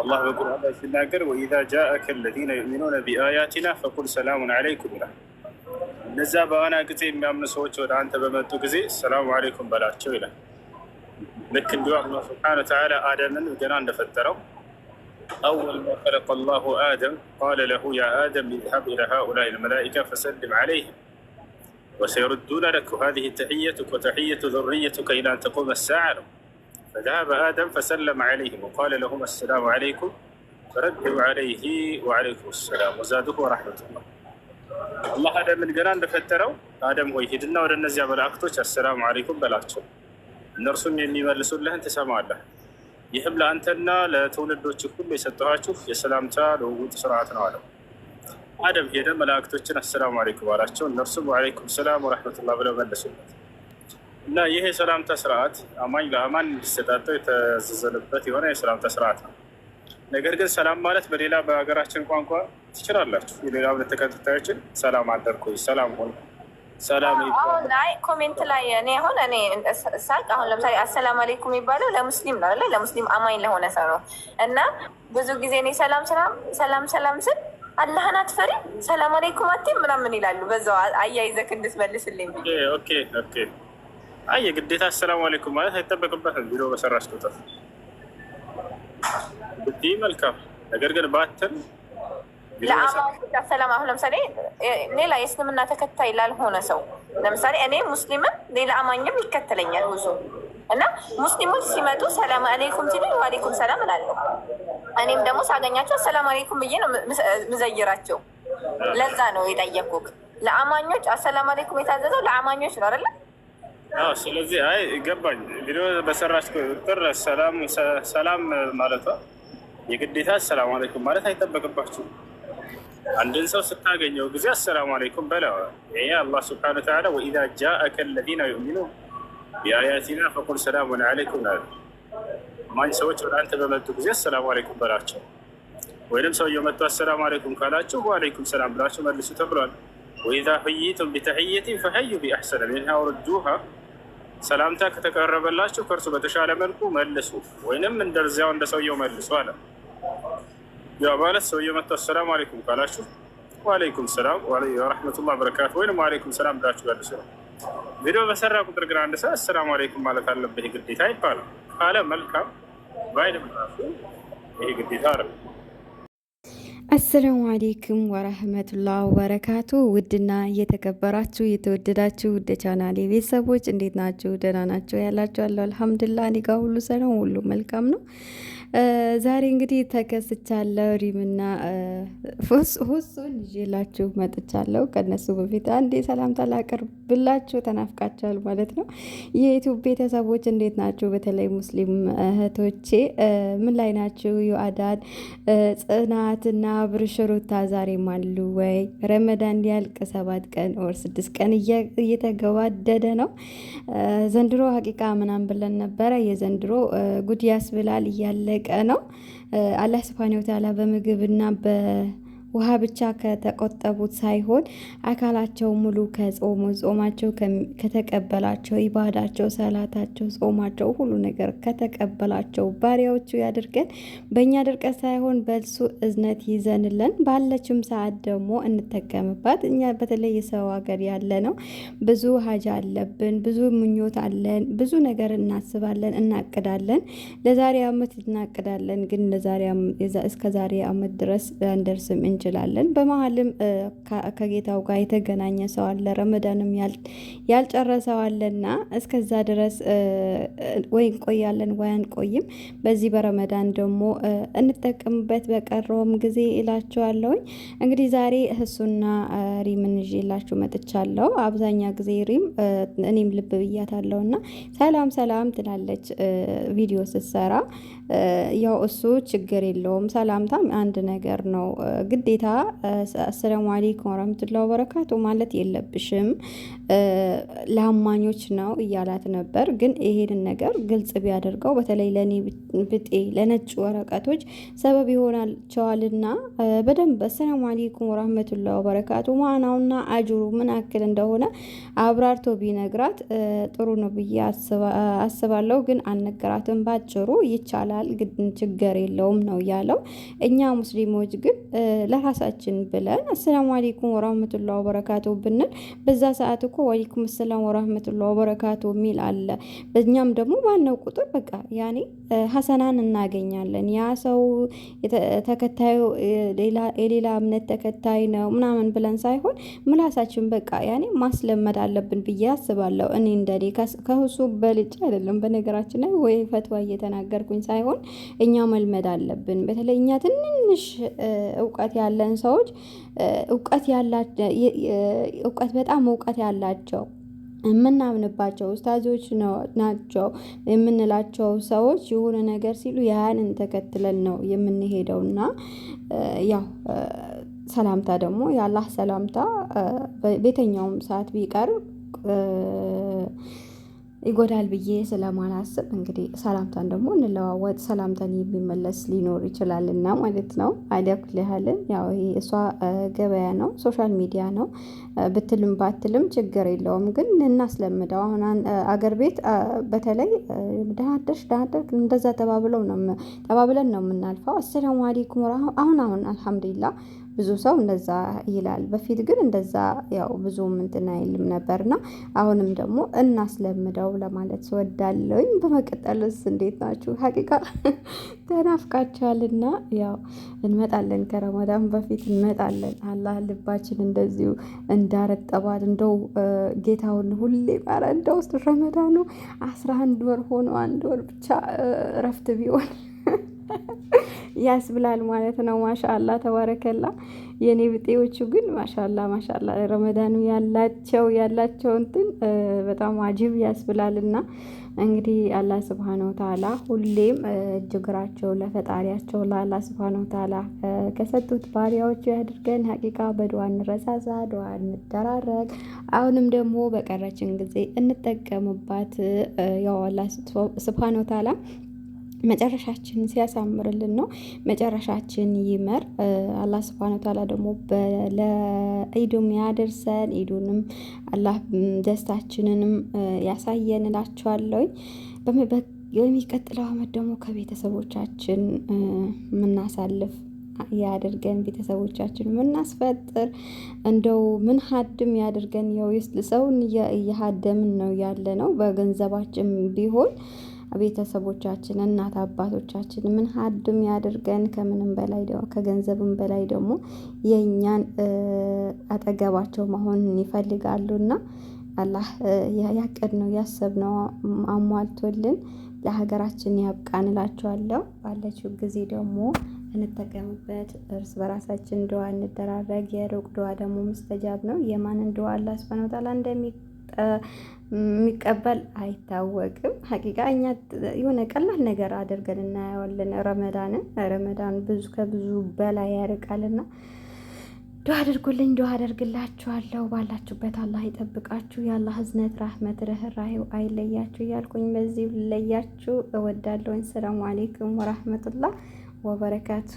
الله يقول هذا في الناقر واذا جاءك الذين يؤمنون باياتنا فقل سلام عليكم له نزاب انا قلت ما من سوتش ولا انت بمتو قزي السلام عليكم بلا تشو له لكن دعاء الله سبحانه وتعالى ادم وجنا نفتره اول ما خلق الله ادم قال له يا ادم اذهب الى هؤلاء الملائكه فسلم عليهم وسيردون لك هذه تحيتك وتحية ذريتك إلى أن تقوم الساعة فذهب آدم فسلم عليهم وقال لهم السلام عليكم فردوا عليه وعليكم السلام وزاده ورحمة الله الله هذا من قران دفتروا آدم هو يهدنا ورنا زي السلام عليكم بلاتشو نرسم يمي مالسون لهم تسامع الله يهم لأنتنا لتولدوا تشكو بيستوهاتشو يسلامتا لوغو تسرعاتنا عليكم አደም ሄደ መላእክቶችን አሰላሙ አለይኩም አላቸው። እነርሱም ወአለይኩም ሰላም ወረሕመቱላህ ብለው መለሱበት እና ይህ የሰላምታ ስርዓት አማኝ ለአማን እንዲሰጣጠው የተዘዘለበት የሆነ የሰላምታ ስርዓት ነው። ነገር ግን ሰላም ማለት በሌላ በሀገራችን ቋንቋ ትችላላችሁ። የሌላ እምነት ተከታዮችን ሰላም አደርኩ ሰላም ሆነ፣ ሰላም ኮሜንት ላይ እኔ አሁን እኔ ሳቅ አሁን ለምሳሌ አሰላም አሌይኩም የሚባለው ለሙስሊም ነው፣ ለሙስሊም አማኝ ለሆነ ሰው ነው እና ብዙ ጊዜ እኔ ሰላም ሰላም ሰላም ስል አላህን አትፈሪ ሰላም አለይኩም አቴ ምናምን ይላሉ። በዛው አያይዘክ እንድትመልስልኝ። ኦኬ ኦኬ። አይ የግዴታ አሰላሙ አለይኩም ማለት አይጠበቅበትም። ቢሮ በሰራሽ ቁጥር ብትይ መልካም፣ ነገር ግን ለአማ ሰላም። አሁን ለምሳሌ ሌላ የእስልምና ተከታይ ላልሆነ ሰው ለምሳሌ እኔ ሙስሊምም ሌላ አማኝም ይከተለኛል ብዙ እና ሙስሊሞች ሲመጡ ሰላም አለይኩም ሲሉ ዋሌኩም ሰላም እላለሁ። እኔም ደግሞ ሳገኛቸው አሰላም አሌይኩም ብዬ ነው ምዘይራቸው። ለዛ ነው የጠየኩክ። ለአማኞች አሰላም አሌይኩም የታዘዘው ለአማኞች ነው አይደለ? ስለዚህ አይ ይገባኝ። ቪዲዮ በሰራች ቁጥር ሰላም ማለቷ የግዴታ አሰላም አሌይኩም ማለት አይጠበቅባችሁም አንድን ሰው ስታገኘው ጊዜ አሰላሙ አሌይኩም በለው። ይሄ አላህ ስብሐነ ወተዓላ ወኢዛ ጃአከ ለዚነ ዩእሚኑ ቢአያቲና ፈቁል ሰላሙን አሌይኩም አማኝ ሰዎች ወደ አንተ በመጡ ጊዜ አሰላሙ አለይኩም በላቸው። ወይንም ሰውየው መጥቶ አሰላሙ አለይኩም ካላቸው ወአለይኩም ሰላም ብላቸው መልሱ ተብሏል። ወኢዛ ሁይቱም ቢተሕየቲን ፈሐዩ ቢአሕሰነ ሚንሃ ወርዱሃ። ሰላምታ ከተቀረበላችሁ ከእርሱ በተሻለ መልኩ መልሱ፣ ወይንም እንደዚያው እንደ ሰውየው መልሱ አለ። ያ ማለት ሰውየው መጥቶ አሰላሙ አለይኩም ካላችሁ ወአለይኩም ሰላም ወረሕመቱላህ በረካቱ ወይንም ወአለይኩም ሰላም ብላችሁ መልሱ ነው። ቪዲዮ በሰራ ቁጥር ግን አንድ ሰው አሰላሙ አለይኩም ማለት አለበት። ይህ ግዴታ ይባላል ካለ መልካም ባይልም ራሱ ይህ ግዴታ አለ። አሰላሙ አሌይኩም ወረህመቱላህ ወበረካቱ። ውድና እየተከበራችሁ የተወደዳችሁ ውድ ቻናሌ ቤተሰቦች እንዴት ናችሁ? ደህና ናቸው ያላችኋለሁ። አልሐምዱሊላህ እኔ ጋር ሁሉ ሰላም፣ ሁሉ መልካም ነው። ዛሬ እንግዲህ ተከስቻለሁ። ሪምና ሁሱን ይዤላችሁ መጥቻለሁ። ከነሱ በፊት አንዴ ሰላምታ ላቀርብላችሁ ተናፍቃችኋል ማለት ነው። የኢትዮ ቤተሰቦች እንዴት ናችሁ? በተለይ ሙስሊም እህቶቼ ምን ላይ ናችሁ? ዩአዳን ጽናትና አብርሽ ሩታ ዛሬም አሉ ወይ? ረመዳን ሊያልቅ ሰባት ቀን ወር ስድስት ቀን እየተገባደደ ነው። ዘንድሮ ሀቂቃ ምናምን ብለን ነበረ። የዘንድሮ ጉድ ያስብላል፣ እያለቀ ነው። አላህ ስብሃነ ወተዓላ በምግብና በ ውሃ ብቻ ከተቆጠቡት ሳይሆን አካላቸው ሙሉ ከጾሙ ጾማቸው ከተቀበላቸው ኢባዳቸው፣ ሰላታቸው፣ ጾማቸው ሁሉ ነገር ከተቀበላቸው ባሪያዎቹ ያድርገን። በእኛ ድርቀት ሳይሆን በእሱ እዝነት ይዘንለን ባለችም ሰዓት ደግሞ እንጠቀምባት። እኛ በተለይ የሰው ሀገር ያለ ነው ብዙ ሀጃ አለብን፣ ብዙ ምኞት አለን፣ ብዙ ነገር እናስባለን፣ እናቅዳለን። ለዛሬ አመት እናቅዳለን፣ ግን እስከዛሬ አመት ድረስ አንደርስም እንችላለን። በመሀልም ከጌታው ጋር የተገናኘ ሰው አለ፣ ረመዳንም ያልጨረሰ አለና እስከዛ ድረስ ወይ እንቆያለን ወይ አንቆይም። በዚህ በረመዳን ደግሞ እንጠቀምበት በቀረውም ጊዜ እላችኋለሁኝ። እንግዲህ ዛሬ እሱና ሪምን ይዤላችሁ መጥቻለሁ። አብዛኛ ጊዜ ሪም እኔም ልብ ብያታለሁና ሰላም ሰላም ትላለች ቪዲዮ ስትሰራ ያው እሱ ችግር የለውም። ሰላምታም አንድ ነገር ነው። ግዴታ አሰላሙ አለይኩም ወረህመቱላ ወበረካቱ ማለት የለብሽም ለአማኞች ነው እያላት ነበር። ግን ይሄንን ነገር ግልጽ ቢያደርገው በተለይ ለእኔ ብጤ ለነጭ ወረቀቶች ሰበብ ይሆናቸዋልና በደንብ አሰላሙ አለይኩም ወረህመቱላ ወበረካቱ ማናውና አጅሩ ምን አክል እንደሆነ አብራርቶ ቢነግራት ጥሩ ነው ብዬ አስባለሁ። ግን አልነገራትም። ባጭሩ ይቻላል ግን ችግር የለውም ነው ያለው። እኛ ሙስሊሞች ግን ለራሳችን ብለን አሰላሙ አሌይኩም ወራህመቱላ ወበረካቱ ብንል በዛ ሰዓት እኮ ወአሌይኩም ሰላም ወራህመቱላ ወበረካቱ የሚል አለ። በእኛም ደግሞ ባነው ቁጥር በቃ ያኔ ሀሰናን እናገኛለን። ያ ሰው ተከታዩ የሌላ እምነት ተከታይ ነው ምናምን ብለን ሳይሆን ምላሳችን በቃ ያኔ ማስለመድ አለብን ብዬ አስባለሁ። እኔ እንደኔ ከሱ በልጭ አይደለም በነገራችን ላይ ወይ ፈትዋ እየተናገርኩኝ ሳይሆን ሳይሆን እኛ መልመድ አለብን። በተለይ እኛ ትንንሽ እውቀት ያለን ሰዎች እውቀት ያላቸው እውቀት በጣም እውቀት ያላቸው የምናምንባቸው ኡስታዞች ናቸው የምንላቸው ሰዎች የሆነ ነገር ሲሉ ያንን ተከትለን ነው የምንሄደው እና ያው ሰላምታ ደግሞ የአላህ ሰላምታ በየትኛውም ሰዓት ቢቀርብ ይጎዳል ብዬ ስለማላስብ እንግዲህ ሰላምታን ደግሞ እንለዋወጥ። ሰላምታን የሚመለስ ሊኖር ይችላልና ማለት ነው። አይደክልህልን ያው እሷ ገበያ ነው፣ ሶሻል ሚዲያ ነው ብትልም ባትልም ችግር የለውም። ግን እናስለምደው። አሁን አገር ቤት በተለይ ደህና አደርሽ እንደዛ ተባብለው ነው ተባብለን ነው የምናልፈው። አሰላሙ አለይኩም አሁን አሁን አልሐምዱሊላ ብዙ ሰው እንደዛ ይላል። በፊት ግን እንደዛ ያው ብዙም እንትን አይልም ነበርና አሁንም ደግሞ እናስለምደው ለማለት ስወዳለሁኝ። በመቀጠልስ እንዴት ናችሁ? ሀቂቃ ተናፍቃችኋልና ያው እንመጣለን። ከረመዳን በፊት እንመጣለን። አላህ ልባችን እንደዚሁ እንዳረጠባት እንደው ጌታውን ሁሌ ማረ እንደው ውስጥ ረመዳኑ አስራ አንድ ወር ሆኖ አንድ ወር ብቻ እረፍት ቢሆን ያስብላል ማለት ነው። ማሻላ ተባረከላ። የኔ ብጤዎቹ ግን ማሻላ ማሻላ ረመዳኑ ያላቸው ያላቸው እንትን በጣም አጅብ ያስብላል። እና እንግዲህ አላህ ስብሃነ ወተዓላ ሁሌም እጅግራቸው ለፈጣሪያቸው ለአላህ ስብሃነ ወተዓላ ከሰጡት ባሪያዎቹ ያድርገን። ሀቂቃ በድዋ እንረሳሳ፣ ድዋ እንደራረግ። አሁንም ደግሞ በቀረችን ጊዜ እንጠቀምባት። ያው አላህ ስብሃነ ወተዓላ መጨረሻችን ሲያሳምርልን ነው። መጨረሻችን ይመር። አላህ ስብሃነ ወተዓላ ደግሞ ለኢዱም ያደርሰን። ኢዱንም አላህ ደስታችንንም ያሳየን በሚቀጥለው አመት ደግሞ ከቤተሰቦቻችን የምናሳልፍ ያድርገን። ቤተሰቦቻችን ምናስፈጥር እንደው ምን ሀድም ያድርገን። የውስጥ ሰውን እያሀደምን ነው ያለ ነው በገንዘባችን ቢሆን ቤተሰቦቻችን እናት አባቶቻችን ምን ሀድም ያድርገን። ከምንም በላይ ከገንዘብም በላይ ደግሞ የእኛን አጠገባቸው መሆን ይፈልጋሉና አላህ ያሰብ ነው አሟልቶልን ለሀገራችን ያብቃን እላችኋለሁ። ባለችው ጊዜ ደግሞ እንጠቀምበት። እርስ በራሳችን ድዋ እንደራረግ። የሩቅ ድዋ ደግሞ ምስተጃብ ነው። የማንን ድዋ አላህ ሱብሃነሁ ወተዓላ እንደሚ የሚቀበል አይታወቅም። ሀቂቃ እኛ የሆነ ቀላል ነገር አድርገን እናየዋለን። ረመዳንን ረመዳን ብዙ ከብዙ በላይ ያርቃልና ዱዓ አድርጉልኝ፣ ዱዓ አደርግላችኋለሁ። ባላችሁበት አላህ ይጠብቃችሁ። የአላህ ህዝነት ራህመት ርህራሄው አይለያችሁ እያልኩኝ በዚህ ለያችሁ እወዳለሁኝ። ሰላሙ አሌይኩም ወራህመቱላህ ወበረካቱ